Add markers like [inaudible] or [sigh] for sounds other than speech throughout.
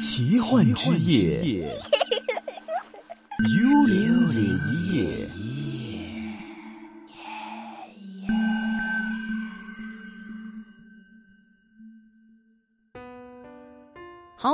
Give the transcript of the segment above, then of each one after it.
奇幻之夜，之夜 [laughs] 幽靈夜。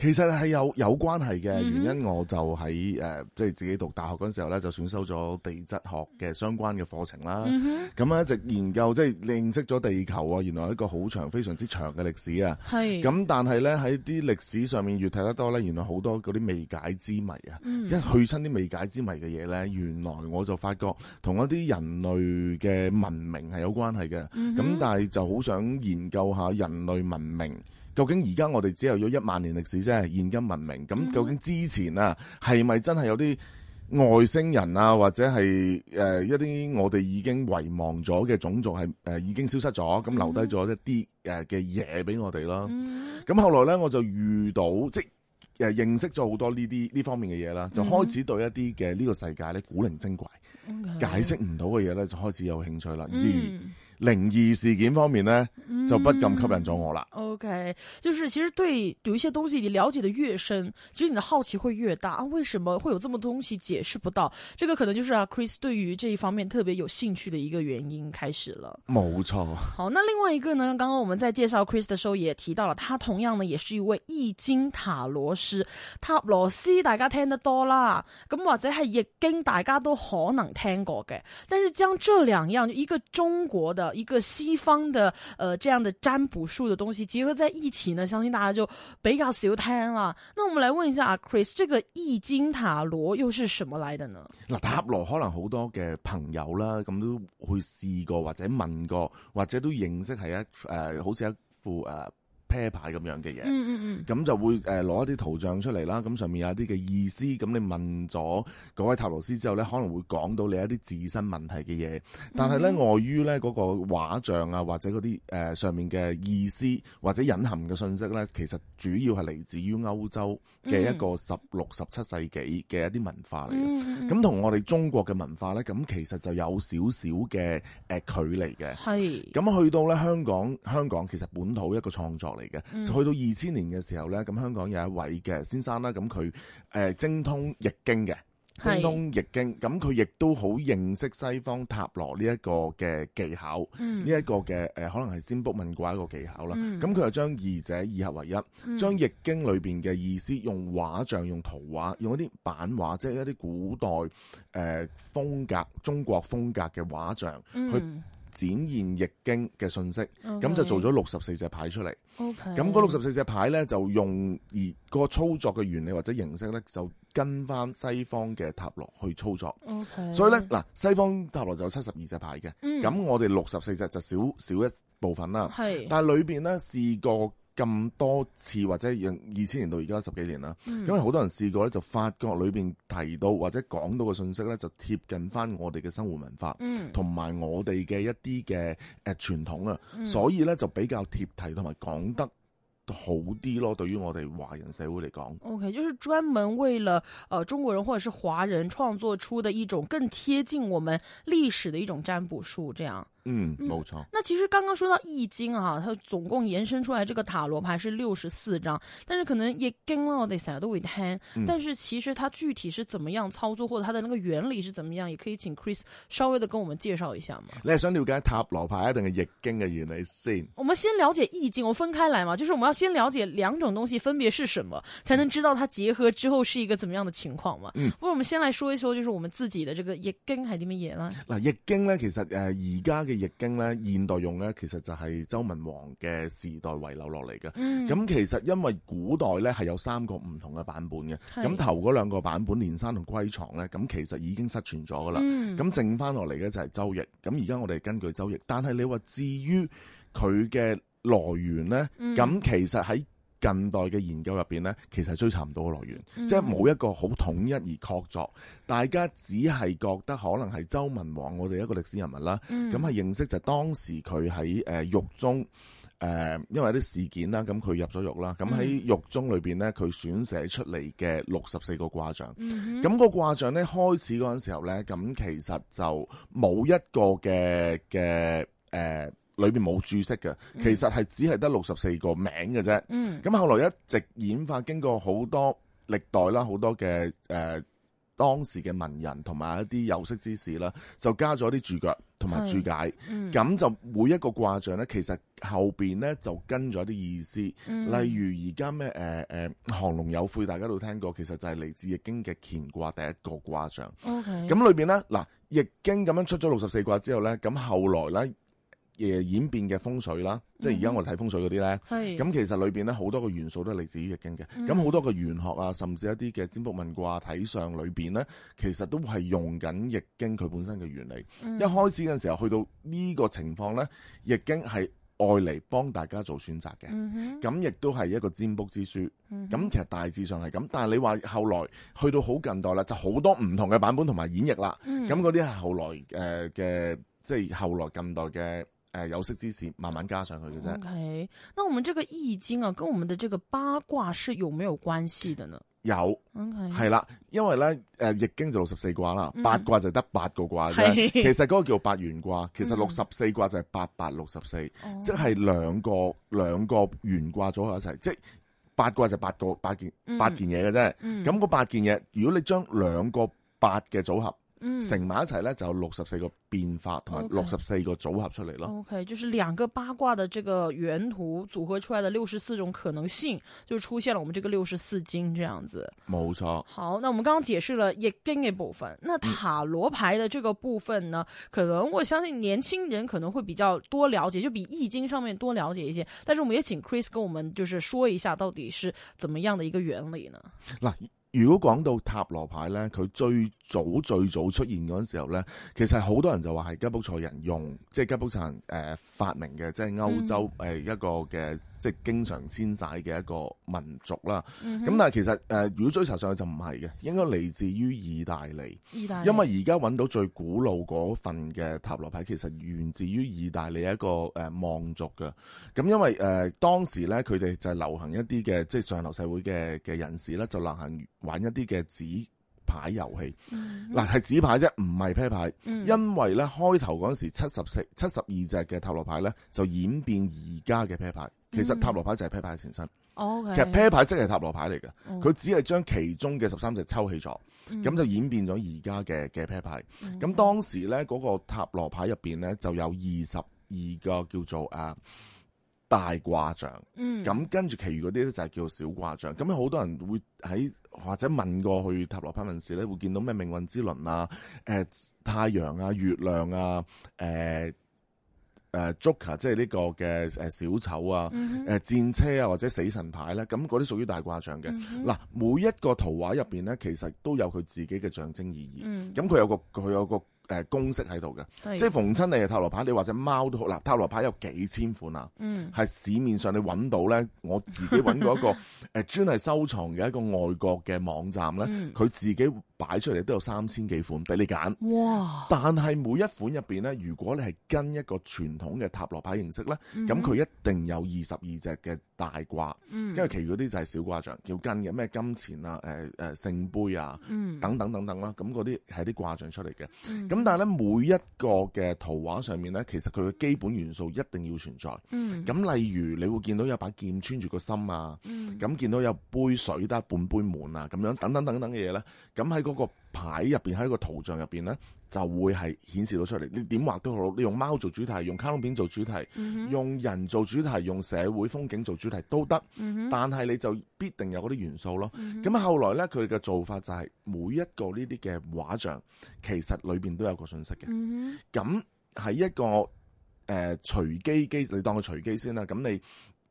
其實係有有關係嘅、嗯、原因，我就喺誒，即、呃、係自己讀大學嗰陣時候呢就選修咗地質學嘅相關嘅課程啦。咁一直研究即係、就是、認識咗地球啊，原來係一個好長、非常之長嘅歷史啊。係咁，咁但係呢，喺啲歷史上面越睇得多呢，原來好多嗰啲未解之謎啊、嗯。一去親啲未解之謎嘅嘢呢，原來我就發覺同一啲人類嘅文明係有關係嘅。咁、嗯、但係就好想研究一下人類文明。究竟而家我哋只有咗一萬年歷史啫，現今文明咁，究竟之前啊，係咪真係有啲外星人啊，或者係誒、呃、一啲我哋已經遺忘咗嘅種族係誒、呃、已經消失咗，咁留低咗一啲誒嘅嘢俾我哋啦。咁後來咧，我就遇到即係、呃、認識咗好多呢啲呢方面嘅嘢啦，就開始對一啲嘅呢個世界咧、mm-hmm. 古靈精怪、okay. 解釋唔到嘅嘢咧，就開始有興趣啦。靈異事件方面呢，就不咁吸引咗我啦。嗯、o、okay, K，就是其實對有一些東西你了解得越深，其實你的好奇會越大。啊，為什麼會有這麼多東西解釋不到？這個可能就是啊，Chris 對於這一方面特別有興趣的一個原因開始了。冇錯。好，那另外一個呢？剛剛我們在介紹 Chris 的時候也提到了，他同樣呢也是一位易經塔羅師，塔羅 C 大家聽得多啦，咁或者係易經大家都可能聽過嘅。但是將這兩樣一個中國的。一個西方的，這、呃、這樣的占卜術的東西結合在一起呢，相信大家就比較少聽啦。那我們來問一下、啊、Chris，這個易經塔羅又是什麼來的呢？嗱，塔羅可能好多嘅朋友啦，咁都去試過或者問過，或者都認識係一誒、呃，好似一副誒。呃啤牌咁樣嘅嘢，咁、嗯、就會誒攞、呃、一啲圖像出嚟啦，咁上面有一啲嘅意思，咁你問咗嗰位塔羅師之後呢可能會講到你一啲自身問題嘅嘢，但係呢，礙、嗯、於呢嗰、那個畫像啊或者嗰啲誒上面嘅意思或者隱含嘅信息呢，其實主要係嚟自於歐洲嘅一個十六、十、嗯、七世紀嘅一啲文化嚟嘅，咁、嗯、同我哋中國嘅文化呢，咁其實就有少少嘅誒距離嘅，係，咁去到呢，香港，香港其實本土一個創作。嚟、嗯、嘅，就去到二千年嘅時候呢，咁香港有一位嘅先生啦，咁佢誒精通易經嘅，精通易經，咁佢亦都好認識西方塔羅呢一個嘅技巧，呢、嗯、一、這個嘅誒、呃、可能係占卜問卦一個技巧啦。咁、嗯、佢就將二者二合為一，嗯、將易經裏邊嘅意思用畫像、用圖畫、用一啲版畫，即係一啲古代誒、呃、風格、中國風格嘅畫像去。嗯展現易經嘅信息，咁就做咗六十四隻牌出嚟。Okay. 咁嗰六十四隻牌咧，就用而個操作嘅原理或者形式咧，就跟翻西方嘅塔羅去操作。Okay. 所以咧，嗱，西方塔羅就有七十二隻牌嘅，咁我哋六十四隻就少少一部分啦、嗯。但係裏邊咧是個。咁多次或者二千年到而家十幾年啦，因為好多人試過咧，就發覺裏邊提到或者講到嘅信息咧，就貼近翻我哋嘅生活文化，同、嗯、埋我哋嘅一啲嘅誒傳統啊、嗯，所以咧就比較貼題同埋講得好啲咯，對於我哋華人社會嚟講，OK，就是專門為了誒、呃、中國人或者是華人創作出的一種更貼近我們歷史的一種占卜術這樣。嗯、冇、嗯、錯。那其實剛剛說到易經啊，它總共延伸出來這個塔羅牌是六十四張，但是可能易經呢我哋成日都會聽，但是其實它具體是怎麼樣操作，或者它的那個原理是怎麼樣，也可以請 Chris 稍微的跟我們介紹一下嘛。你係想了解塔羅牌定係易經嘅原理先？我們先了解易經，我分開來嘛，就是我們要先了解兩種東西分別是什麼，才能知道它結合之後是一個怎麼樣嘅情況嘛。嗯，不如我們先來說一說，就是我們自己的這個易經係點樣寫呢？嗱、嗯嗯，易經呢，其實呃而家。嘅易經咧，現代用咧，其實就係周文王嘅時代遺留落嚟嘅。咁、嗯、其實因為古代咧係有三個唔同嘅版本嘅，咁頭嗰兩個版本連山同歸藏咧，咁其實已經失傳咗噶啦。咁、嗯、剩翻落嚟嘅就係周易。咁而家我哋根據周易，但係你話至於佢嘅來源咧，咁、嗯、其實喺。近代嘅研究入邊呢，其實是追查唔到個來源，mm -hmm. 即係冇一個好統一而確鑿。大家只係覺得可能係周文王，我哋一個歷史人物啦。咁、mm、係 -hmm. 認識就是當時佢喺誒獄中誒、呃，因為啲事件啦，咁佢入咗獄啦，咁喺獄中裏邊呢，佢選寫出嚟嘅六十四個卦象。咁、mm -hmm. 個卦象呢開始嗰陣時候呢，咁其實就冇一個嘅嘅誒。裏邊冇注釋嘅，其實係只係得六十四個名嘅啫。咁、嗯、後來一直演化，經過好多歷代啦，好多嘅誒、呃、當時嘅文人同埋一啲有識之士啦，就加咗啲註腳同埋註解。咁、嗯、就每一個卦象咧，其實後邊咧就跟咗啲意思。嗯、例如而家咩誒誒，呃呃、亢龍有悔，大家都聽過，其實就係嚟自易經嘅乾卦第一個卦象。咁、okay. 裏邊咧嗱，易經咁樣出咗六十四卦之後咧，咁後來咧。演變嘅風水啦，即係而家我哋睇風水嗰啲咧，咁、嗯、其實裏面咧好多個元素都係嚟自於易經嘅。咁、嗯、好多個玄學啊，甚至一啲嘅占卜問卦、睇相裏面咧，其實都係用緊易經佢本身嘅原理、嗯。一開始嘅時候，去到呢個情況咧，易經係愛嚟幫大家做選擇嘅，咁亦都係一個占卜之書。咁、嗯、其實大致上係咁，但係你話後來去到好近代啦，就好多唔同嘅版本同埋演繹啦。咁嗰啲係後來嘅、呃，即係後來近代嘅。誒、呃，有識之士慢慢加上去嘅啫。O、okay, K，那我們這個易經啊，跟我們的這個八卦是有沒有關係的呢？有。O K，係啦，因為咧，誒，易經就六十四卦啦，八、嗯、卦就得八個卦啫。其實嗰個叫八元卦，其實六十四卦就係八八六十四，即係兩個兩個元卦組合一齊，即係八卦就八個八件八、嗯、件嘢嘅啫。咁嗰八件嘢，如果你將兩個八嘅組合。嗯、成埋一齊呢，就有六十四個變化同埋六十四個組合出嚟咯。O K，就是兩個八卦的這個原圖組合出來的六十四種可能性，就出現了我們這個六十四經這樣子。冇錯。好，那我們剛剛解釋了一經嘅部分，那塔羅牌的這個部分呢？嗯、可能我相信年輕人可能會比較多了解，就比易經上面多了解一些。但是我們也請 Chris 跟我們就是說一下，到底是怎麼樣的一個原理呢？嗱。如果講到塔羅牌咧，佢最早最早出現嗰陣時候咧，其實好多人就話係吉普賽人用，即係吉普賽人、呃、發明嘅，即係歐洲誒一個嘅。即係經常遷徙嘅一個民族啦，咁、嗯、但係其實誒、呃，如果追查上去就唔係嘅，應該嚟自於意大利，意大利因為而家揾到最古老嗰份嘅塔羅牌，其實源自於意大利一個、呃、望族嘅，咁因為誒、呃、當時咧佢哋就係流行一啲嘅，即、就、係、是、上流社會嘅嘅人士咧就流行玩一啲嘅紙牌遊戲嗱係紙牌啫，唔係啤牌，因為咧開頭嗰陣時七十四、七十二隻嘅塔羅牌咧就演變而家嘅啤牌，其實塔羅牌就係啤牌嘅前身。Okay. 其實啤牌即係塔羅牌嚟嘅，佢只係將其中嘅十三隻抽起咗，咁、okay. 就演變咗而家嘅嘅啤牌。咁當時咧嗰、嗰個塔羅牌入邊咧就有二十二個叫做啊。大卦象，咁跟住，其餘嗰啲咧就係叫做小卦象。咁有好多人會喺或者問過去塔羅牌問事咧，會見到咩命運之輪啊、誒、呃、太陽啊、月亮啊、誒誒 Joker 啊，即係呢個嘅誒小丑啊、誒戰車啊或者死神牌咧，咁嗰啲屬於大卦象嘅。嗱，每一個圖畫入邊咧，其實都有佢自己嘅象徵意義。咁佢有個佢有個。誒、呃、公式喺度嘅，即係逢親你誒塔羅牌。你或者貓都好，啦。塔羅牌有幾千款啊，係、嗯、市面上你搵到咧，我自己搵過一個誒專係收藏嘅一個外國嘅網站咧，佢、嗯、自己。擺出嚟都有三千幾款俾你揀，哇！但係每一款入邊咧，如果你係跟一個傳統嘅塔羅牌形式咧，咁佢一定有二十二隻嘅大掛，因、嗯、跟其餘啲就係小掛像，叫跟嘅咩金錢啊，誒、呃、誒聖杯啊、嗯，等等等等啦，咁嗰啲係啲掛像出嚟嘅，咁、嗯、但係咧每一個嘅圖畫上面咧，其實佢嘅基本元素一定要存在，嗯，咁例如你會見到有把劍穿住個心啊，嗯，咁見到有杯水得半杯滿啊，咁樣等等等等嘅嘢咧，咁喺嗰、那個牌入邊喺個圖像入邊呢，就會係顯示到出嚟。你點畫都好，你用貓做主題，用卡通片做主題、嗯，用人做主題，用社會風景做主題都得、嗯。但係你就必定有嗰啲元素咯。咁、嗯、後來呢，佢嘅做法就係、是、每一個呢啲嘅畫像，其實裏邊都有個信息嘅。咁係一個誒、嗯呃、隨機機，你當佢隨機先啦。咁你。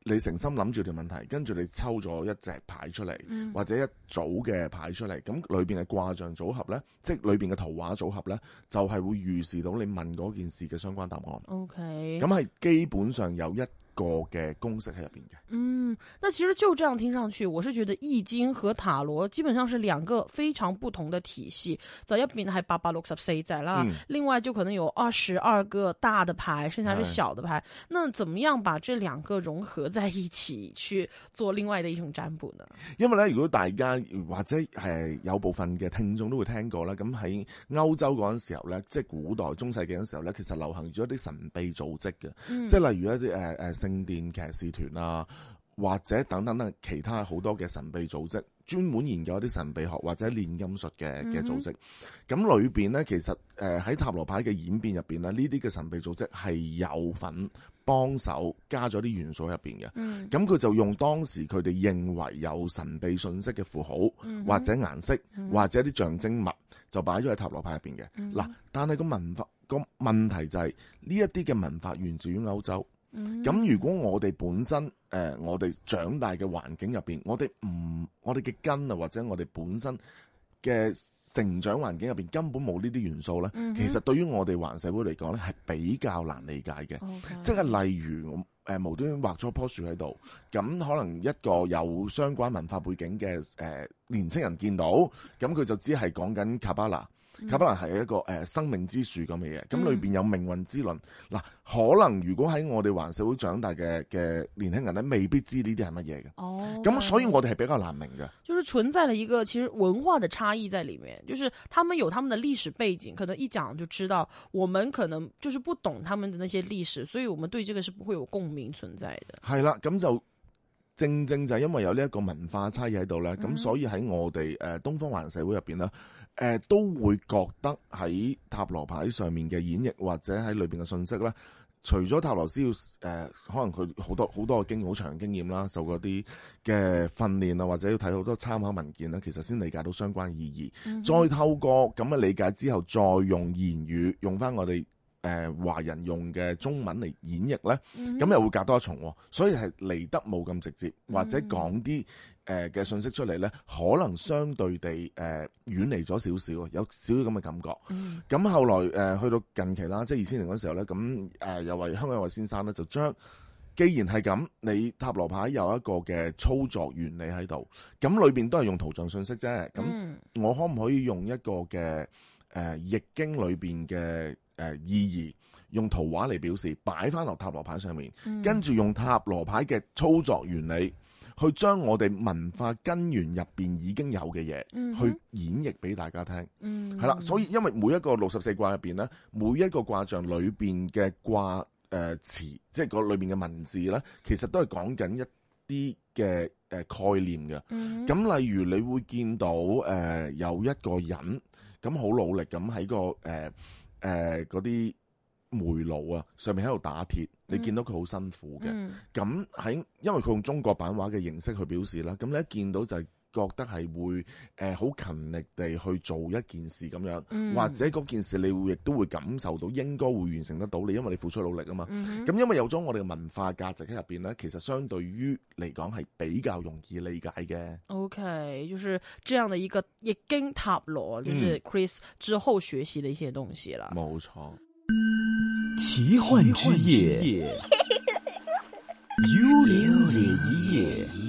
你誠心諗住條問題，跟住你抽咗一隻牌出嚟、嗯，或者一組嘅牌出嚟，咁裏邊嘅卦象組合呢，即係裏邊嘅圖畫組合呢，就係、是、會預示到你問嗰件事嘅相關答案。O K. 咁係基本上有一個嘅公式喺入邊嘅，嗯，那其實就這樣聽上去，我是覺得易經和塔羅基本上是兩個非常不同的體系。就一邊係八百六十四仔啦。另外就可能有二十二個大的牌，剩下是小的牌。嗯、那怎麼樣把這兩個融合在一起去做另外的一種占卜呢？因為呢，如果大家或者係有部分嘅聽眾都會聽過啦，咁喺歐洲嗰陣時候呢，即、就、係、是、古代中世紀嗰時候呢，其實流行咗一啲神秘組織嘅、嗯，即係例如一啲誒誒聖殿騎士團啊，或者等等等其他好多嘅神秘組織，專門研究一啲神秘學或者煉金術嘅嘅組織。咁、嗯、裏邊咧，其實誒喺塔羅牌嘅演變入邊呢，呢啲嘅神秘組織係有份幫手加咗啲元素入邊嘅。咁、嗯、佢就用當時佢哋認為有神秘信息嘅符號、嗯、或者顏色、嗯、或者啲象徵物就，就擺咗喺塔羅牌入邊嘅嗱。但係個文化個問題就係呢一啲嘅文化源自於歐洲。咁如果我哋本身，誒、呃、我哋長大嘅環境入邊，我哋唔，我哋嘅根啊，或者我哋本身嘅成長環境入邊根本冇呢啲元素咧、嗯，其實對於我哋華人社會嚟講咧，係比較難理解嘅。即、okay. 係例如，誒無端端畫咗棵樹喺度，咁可能一個有相關文化背景嘅，誒、呃、年青人見到，咁佢就只係講緊卡巴拉。卡巴蘭係一個、呃、生命之樹咁嘅嘢，咁裏面有命運之輪。嗱、嗯，可能如果喺我哋環社會長大嘅嘅年輕人咧，未必知呢啲係乜嘢嘅。哦，咁所以我哋係比較難明嘅。就是存在了一個其實文化的差異在裏面，就是他們有他們的歷史背景，可能一講就知道。我們可能就是不懂他們的那些歷史，所以我們對這個是不會有共鳴存在的。係啦，咁就正正就係因為有呢一個文化差異喺度咧，咁、嗯、所以喺我哋誒、呃、東方環社會入面呢。誒、呃、都會覺得喺塔羅牌上面嘅演繹或者喺裏面嘅信息呢，除咗塔羅師要，要、呃、誒，可能佢好多好多嘅經驗好長經驗啦，受嗰啲嘅訓練啊，或者要睇好多參考文件呢，其實先理解到相關意義、嗯。再透過咁嘅理解之後，再用言語用翻我哋誒、呃、華人用嘅中文嚟演繹呢，咁、嗯、又會隔多一重、啊，所以係嚟得冇咁直接，或者講啲。嗯誒嘅信息出嚟呢，可能相對地誒、呃、遠離咗少少啊，有少少咁嘅感覺。咁、嗯、後來誒去、呃、到近期啦，即係二千年嗰時候呢，咁、呃、誒又係香港有位先生呢，就將既然係咁，你塔羅牌有一個嘅操作原理喺度，咁裏面都係用圖像信息啫。咁我可唔可以用一個嘅誒、呃、易經裏面嘅意義，用圖畫嚟表示，擺翻落塔羅牌上面，跟、嗯、住用塔羅牌嘅操作原理？去將我哋文化根源入邊已經有嘅嘢，嗯，去演繹俾大家聽，係、嗯、啦。所以因為每一個六十四卦入邊咧，每一個卦象裏邊嘅卦誒、呃、詞，即係個裏邊嘅文字咧，其實都係講緊一啲嘅誒概念嘅。咁、嗯、例如你會見到誒、呃、有一個人咁好努力咁喺個誒誒嗰啲。呃呃嗰啲煤爐啊，上面喺度打鐵，你見到佢好辛苦嘅。咁、嗯、喺因為佢用中國版畫嘅形式去表示啦。咁你一見到就係覺得係會誒好、呃、勤力地去做一件事咁樣、嗯，或者嗰件事你會亦都會感受到應該會完成得到你，因為你付出努力啊嘛。咁、嗯、因為有咗我哋嘅文化價值喺入邊咧，其實相對於嚟講係比較容易理解嘅。O、okay, K，就是這樣的一個易經塔羅，就是 Chris 之後學習的一些東西啦。冇、嗯、錯。奇幻之夜，幽靈夜。 [laughs] 幽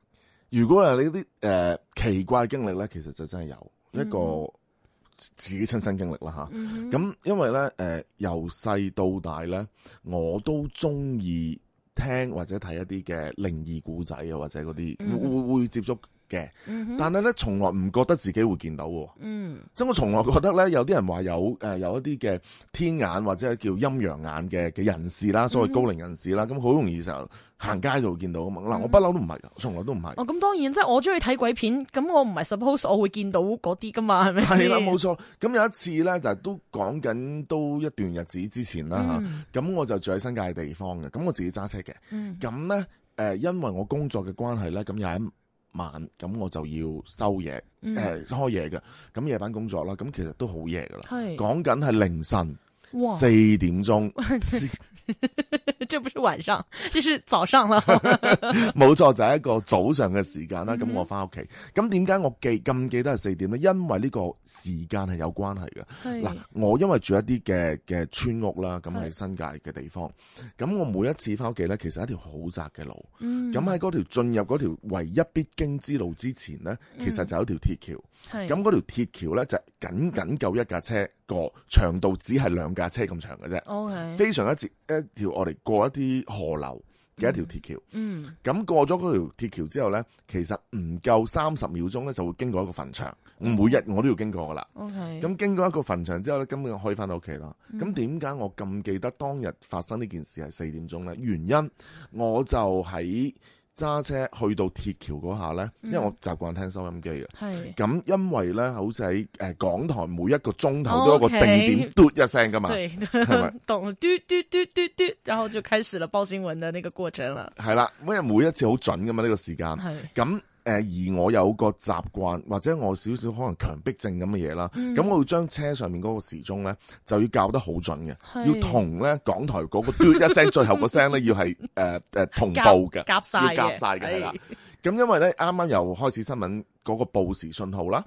如果係你啲誒奇怪經歷咧，其實就真係有、mm -hmm. 一個自己親身經歷啦嚇。咁、mm -hmm. 因為咧誒，由、呃、細到大咧，我都中意聽或者睇一啲嘅靈異故仔啊，或者嗰啲、mm -hmm. 會會接觸。嘅、嗯，但係咧，從來唔覺得自己會見到，嗯，即係我從來覺得咧，有啲人話有誒，有一啲嘅天眼或者叫陰陽眼嘅嘅人士啦、嗯，所謂高靈人士啦，咁好容易就行街就會見到啊嘛，嗱、嗯，我不嬲都唔係，從、嗯、來都唔係。哦，咁當然，即、就、係、是、我中意睇鬼片，咁我唔係 suppose 我會見到嗰啲噶嘛，係咪？係啦、啊，冇錯。咁有一次咧，就都講緊都一段日子之前啦吓，咁、嗯啊、我就住喺新界地方嘅，咁我自己揸車嘅，咁咧誒，因為我工作嘅關係咧，咁又喺。晚，咁我就要收夜，誒、呃、開夜嘅，咁夜班工作啦，咁其實都好夜㗎喇，講緊係凌晨四點鐘。 [laughs] [laughs] [laughs] 這不是晚上，這是早上啦。冇 [laughs] 錯， [laughs] 就係、是、一個早上嘅時間啦。咁、mm -hmm. 我翻屋企，咁點解我記咁記得係四點呢？因為呢個時間係有關係嘅。嗱，我因為住一啲嘅嘅村屋啦，咁喺新界嘅地方，咁我每一次翻屋企呢，其實一條好窄嘅路。咁喺嗰條進入嗰條唯一必經之路之前呢，mm -hmm. 其實就有一條鐵橋。咁嗰條鐵橋咧就僅僅夠一架車過，長度只係兩架車咁長嘅啫。O、okay, K，非常一截一條我哋過一啲河流嘅一條鐵橋。嗯，咁、嗯、過咗嗰條鐵橋之後咧，其實唔夠三十秒鐘咧就會經過一個墳場。每日我都要經過噶啦。O K，咁經過一個墳場之後咧，根本就開翻到屋企啦。咁點解我咁記得當日發生呢件事係四點鐘咧？原因我就喺、是。揸車去到鐵橋嗰下咧，因為我習慣聽收音機嘅。係、嗯、咁，因為咧好似喺誒港台每一個鐘頭都有一個定點嘟一聲噶嘛，係、哦、咪？咚嘟嘟嘟嘟嘟，然後就開始啦報新聞嘅呢個過程啦。係啦，每日每一次好準噶嘛呢、這個時間。係咁。誒，而我有個習慣，或者我少少可能強迫症咁嘅嘢啦，咁、嗯、我會將車上面嗰個時鐘咧，就要校得好準嘅，要同咧港台嗰、嗰個嘟一聲， [laughs] 最後個聲咧要係誒誒同步嘅，夾晒，要夾晒嘅係啦。咁因為咧啱啱又開始新聞嗰個報時信號啦，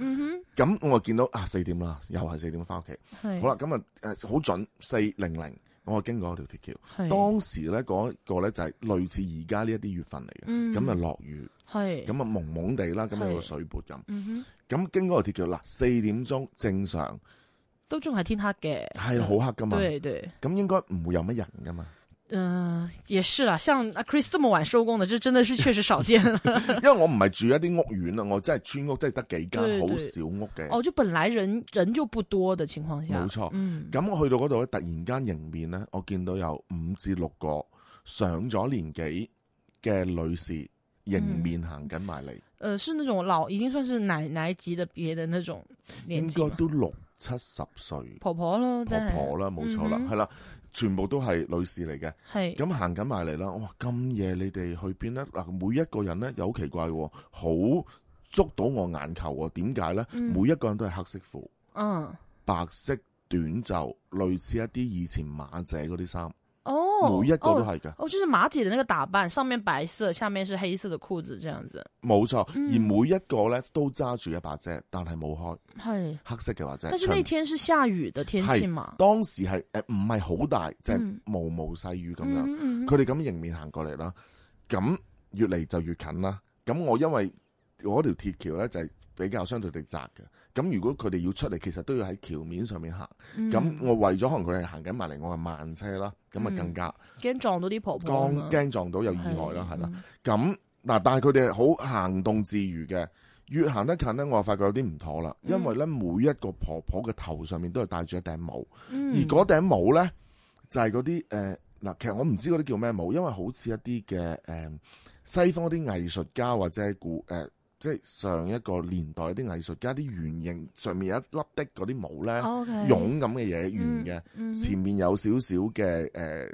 咁、嗯、我見到啊四點啦，又係四點翻屋企，好啦，咁啊誒好準四零零。我經過嗰條鐵橋，當時咧嗰個咧就係類似而家呢一啲月份嚟嘅，咁啊落雨，咁啊蒙蒙地啦，咁有個水埗咁，咁、嗯、經過條鐵橋嗱，四點鐘正常都仲係天黑嘅，係好黑噶嘛，對對咁應該唔會有乜人噶嘛。嗯、呃，也是啦，像 Chris 咁晚收工的，就真的是確實少見。 [laughs] 因為我唔係住一啲屋苑啊，我真係村屋真的只有，真係得幾間好小屋嘅。哦，就本來人人就不多的情況下，冇錯。咁、嗯、我去到嗰度咧，突然間迎面咧，我見到有五至六個上咗年紀嘅女士迎面行緊埋嚟。誒、嗯呃，是那種老，已經算是奶奶級的別的那種年紀。應該都六七十歲，婆婆咯，即係婆婆，婆，婆啦，冇、嗯、錯啦，係啦。全部都係女士嚟嘅，咁行緊埋嚟啦。哇！咁夜你哋去邊呢？嗱，每一個人呢，又好奇怪，好捉到我眼球。點解呢、嗯？每一個人都係黑色褲、啊，白色短袖，類似一啲以前馬姐嗰啲衫。哦，每一個都係嘅、哦。哦，就是馬姐的那個打扮，上面白色，下面是黑色的褲子，這樣子。冇錯、嗯，而每一個咧都揸住一把遮，但係冇開，係黑色嘅話遮。但是那天是下雨的天氣嘛是，當時係誒唔係好大，即、就、係、是、毛毛細雨咁樣。佢哋咁迎面行過嚟啦，咁越嚟就越近啦。咁我因為我嗰條鐵橋咧就係比較相對地窄嘅。咁如果佢哋要出嚟，其實都要喺橋面上面行。咁、嗯、我為咗可能佢哋行緊埋嚟，我係慢車啦。咁啊更加驚撞、嗯、到啲婆婆，驚撞到有意外啦，係啦。咁嗱、嗯，但係佢哋好行動自如嘅。越行得近咧，我就發覺有啲唔妥啦。因為咧，每一個婆婆嘅頭上面都係戴住一頂帽，嗯、而嗰頂帽咧就係嗰啲誒嗱，其實我唔知嗰啲叫咩帽，因為好似一啲嘅、呃、西方啲藝術家或者古、呃即係上一個年代啲藝術家啲圓形上面有一粒的嗰啲帽咧，勇敢嘅嘢，圓嘅、嗯嗯，前面有少少嘅，誒、呃、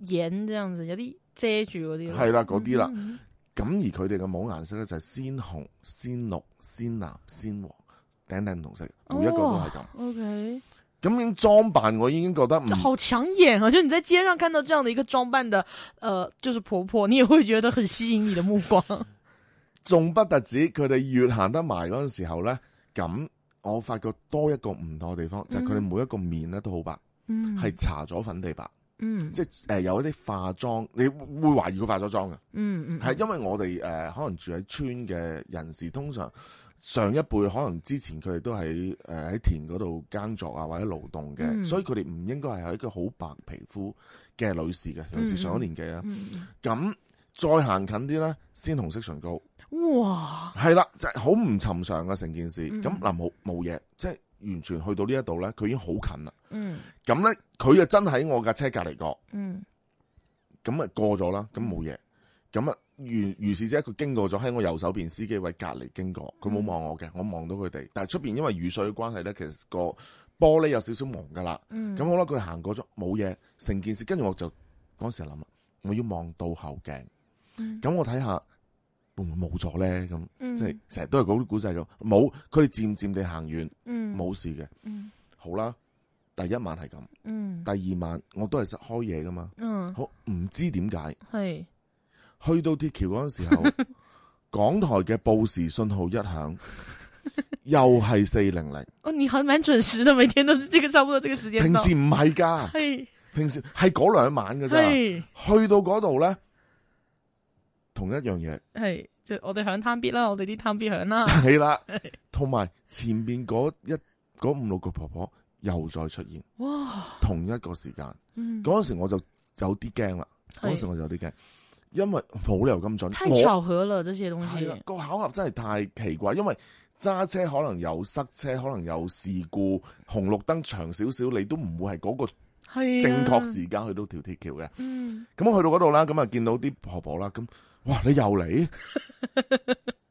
誒、影、呃、這樣子，有啲遮住嗰啲，係啦嗰啲啦。咁、嗯嗯、而佢哋嘅帽顏色咧就係、是、鮮紅、鮮綠、鮮藍、鮮黃，頂頂同色，每一個都係咁。O K，咁已經裝扮我已經覺得好搶眼啊！就你喺街上看到這樣嘅一個裝扮嘅，誒、呃，就是婆婆，你也會覺得很吸引你的目光。 [laughs] 仲不特止，佢哋越行得埋嗰陣時候咧，咁我發覺多一個唔同嘅地方，就係佢哋每一個面咧都好白，係搽咗粉底白，嗯、即係誒有一啲化妝，你會懷疑佢化咗妝嘅，係、嗯嗯、因為我哋誒、呃、可能住喺村嘅人士，通常上一輩可能之前佢哋都喺誒喺田嗰度耕作啊或者勞動嘅、嗯，所以佢哋唔應該係一個好白皮膚嘅女士嘅，尤其是上咗年紀啊。咁、嗯嗯、再行近啲咧，鮮紅色唇膏。哇，係啦，就係好唔尋常嘅成件事。咁、嗯、嗱，冇冇嘢，即係、就是、完全去到呢一度咧，佢已經好近啦。嗯，咁咧，佢又真喺我架車隔籬過。嗯，咁啊過咗啦，咁冇嘢。咁啊，如如，如是者，佢經過咗喺我右手邊司機位隔籬經過，佢冇望我嘅，我望到佢哋。但係出邊因為雨水嘅關係咧，其實個玻璃有少少蒙噶啦。咁、嗯、好啦，佢行過咗，冇嘢，成件事。跟住我就嗰時諗啦，我要望到後鏡。咁、嗯、我睇下。會冇咗咧，咁，即係成日都係講啲股仔咁，冇佢哋漸漸地行遠，冇、嗯、事嘅、嗯。好啦，第一晚係咁、嗯，第二晚我都係實開嘢，噶嘛。嗯、好唔知點解，係去到鐵橋嗰陣時候， [laughs] 港台嘅報時信號一響， [laughs] 又係四零零。哦，你好，蠻準時的，每天都是這個差不多這個時間。平時唔係噶，平時係嗰兩晚噶啫，去到嗰度咧。同一樣嘢係，即係我哋響貪啲啦，我哋啲貪啲響啦，係啦。同埋前面嗰一嗰五六個婆婆又再出現，哇！同一個時間，嗰、嗯、陣時我就有啲驚啦。嗰陣時我就有啲驚，因為冇理由咁準。太巧合啦！這些東西，個巧合真係太奇怪，因為揸車可能有塞車，可能有事故，紅綠燈長少少，你都唔會係嗰個正確時間去到條鐵橋嘅、啊。嗯，咁我去到嗰度啦，咁啊見到啲婆婆啦，咁。哇！你又嚟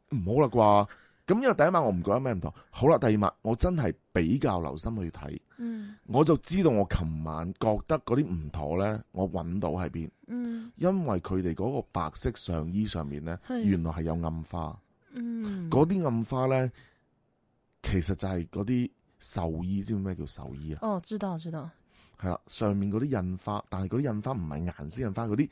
唔 [laughs] 好啦啩？咁因為第一晚我唔覺得咩唔妥。好啦，第二晚我真係比較留心去睇，嗯，我就知道我琴晚覺得嗰啲唔妥咧，我揾到喺邊，嗯。因為佢哋嗰個白色上衣上面咧，原來係有暗花。嗯，嗰啲暗花咧，其實就係嗰啲壽衣。知唔知咩叫壽衣啊？哦，知道，知道。係啦，上面嗰啲印花，但係嗰啲印花唔係顏色印花，嗰啲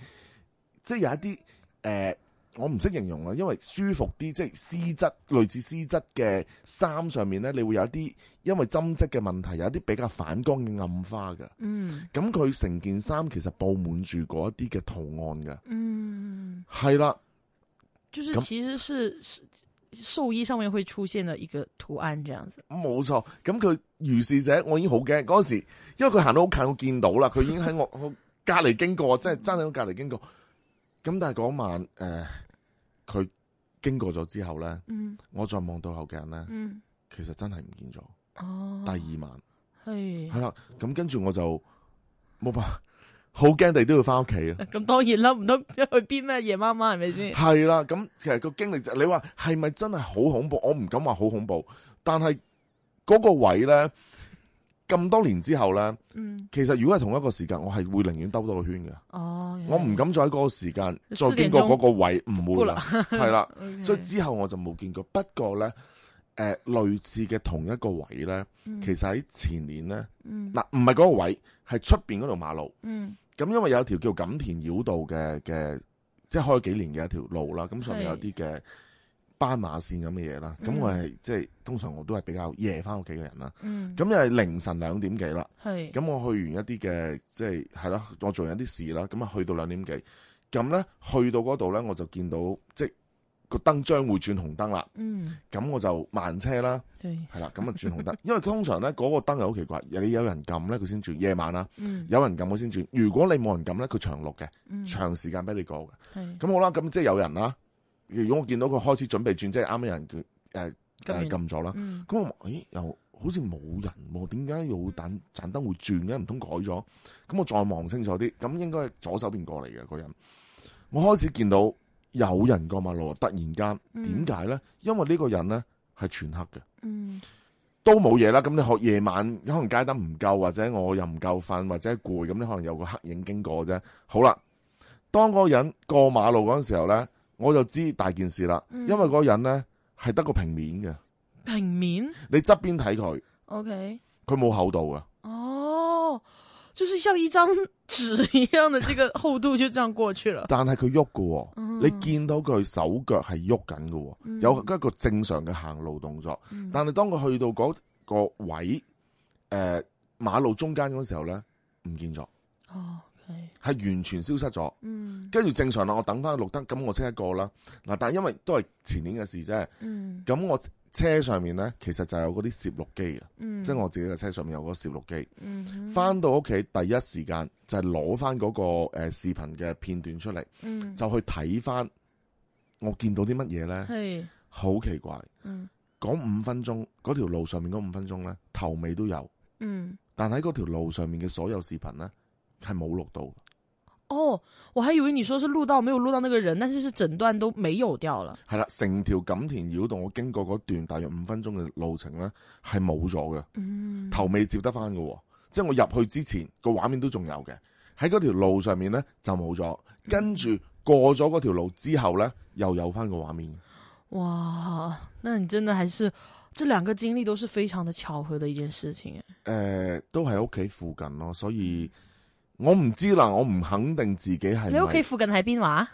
即係有一啲。誒、呃，我唔識形容啦，因為舒服啲，即係絲質類似絲質嘅衫上面咧，你會有一啲因為針織嘅問題，有一啲比較反光嘅暗花嘅。嗯，咁佢成件衫其實布滿住嗰一啲嘅圖案嘅。嗯，係啦，就是其實是壽衣上面會出現的一個圖案，這樣子。冇、嗯、錯，咁佢如是者，我已經好驚嗰時，因為佢行得好近，我見到啦，佢已經喺我我隔籬經過，真係真喺我隔籬經過。嗯咁但係嗰晚誒，佢、呃、經過咗之後咧、嗯，我再望到後鏡呢、嗯，其實真係唔見咗。哦，第二晚係係啦，咁跟住我就冇辦法好驚地都要翻屋企啦。咁當然啦，唔通去邊咩 [laughs] 夜麻麻係咪先？係啦，咁其實個經歷就你話係咪真係好恐怖？我唔敢話好恐怖，但係嗰個位咧。咁多年之後呢，嗯、其實如果係同一個時間，我係會寧願兜多個圈嘅。哦 okay. 我唔敢再喺嗰個時間再經過嗰個位，唔會啦，係 [laughs] 啦。Okay. 所以之後我就冇見過。不過呢，誒、呃、類似嘅同一個位呢，嗯、其實喺前年呢，嗱唔係嗰個位，係出面嗰條馬路。嗯，咁、嗯、因為有一條叫錦田繞道嘅嘅，即係、就是、開幾年嘅一條路啦。咁上面有啲嘅，斑馬線咁嘅嘢啦，咁我係即係通常我都係比較夜翻屋企嘅人啦。咁、嗯、又係凌晨兩點幾啦。咁我去完一啲嘅即係係啦，我做完一啲事啦。咁啊去到兩點幾，咁咧去到嗰度咧，我就見到即係個燈將會轉紅燈啦。咁、嗯、我就慢車啦，係啦，咁啊轉紅燈。 [laughs] 因為通常咧嗰個燈係好奇怪，有人撳，有人撳咧，佢先轉，夜晚啦，有人撳我先轉。如果你冇人撳咧，佢長綠嘅、嗯，長時間俾你過嘅。咁好啦，咁即係有人啦。如果我見到佢開始準備轉，即係啱啱人佢，誒，撳咗啦。咁、嗯、我誒又好似冇人，點解有盞盞燈會轉嘅？唔通改咗？咁我再望清楚啲，咁應該係左手邊過嚟嘅個人。我開始見到有人過馬路，突然間點解咧？為呢嗯、因為呢個人咧，係全黑嘅，嗯都，都冇嘢啦。咁你學夜晚可能街燈唔夠，或者我又唔夠瞓，或者攰，咁你可能有個黑影經過啫。好啦，當嗰個人過馬路嗰陣時候咧。我就知大件事啦、嗯，因為嗰個人咧係得個平面嘅，平面。你側邊睇佢，OK，佢冇厚度啊。哦，就是像一張紙一樣的，這個厚度就這樣過去了。 [laughs] 但係佢喐喎，你見到佢手腳係喐緊喎，有一個正常嘅行路動作。嗯、但係當佢去到嗰個位，誒、呃、馬路中間嗰時候咧，唔見咗。哦。係，完全消失咗。嗯，跟住正常啦，我等翻綠燈，咁我車過啦。嗱，但係因為都係前年嘅事啫。嗯，咁我車上面咧，其實就有嗰啲攝錄機。嗯，即係我自己嘅車上面有嗰個攝錄機。嗯，翻到屋企第一時間就係攞翻嗰個誒視頻嘅片段出嚟。嗯，就去睇翻我見到啲乜嘢咧？係，好奇怪。嗯，嗰五分鐘，嗰條路上面嗰五分鐘咧，頭尾都有。嗯，但喺嗰條路上面嘅所有視頻咧。係冇錄到哦，oh, 我還以為你說是錄到，沒有錄到那個人，但是是整段都沒有掉了。係啦，成條錦田繞道我經過嗰段大約五分鐘嘅路程呢，係冇咗嘅，頭尾接得翻嘅、喔，即係我入去之前個畫面都仲有嘅，喺嗰條路上面呢，就冇咗，跟住過咗嗰條路之後呢，嗯、又有翻個畫面。哇，那你真的還是這兩個經歷都是非常的巧合的一件事情。誒、呃，都喺屋企附近咯，所以。我唔知啦，我唔肯定自己係你屋、OK, 企附近喺邊話？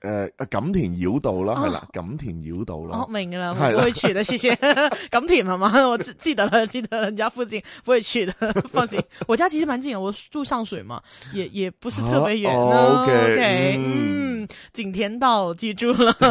誒、呃，錦田繞道啦，係、啊、啦，錦田繞道啦、哦哦。我明噶啦，我會去嘅。謝謝。錦 [laughs] 田嘛嘛，我記得啦，記得了人家附近我會去的，放心。我家其實蠻近的，我住上水嘛，也也不是特別遠、啊。啊哦、o、okay, K，okay, 嗯，嗯，錦田道記住了。 [laughs]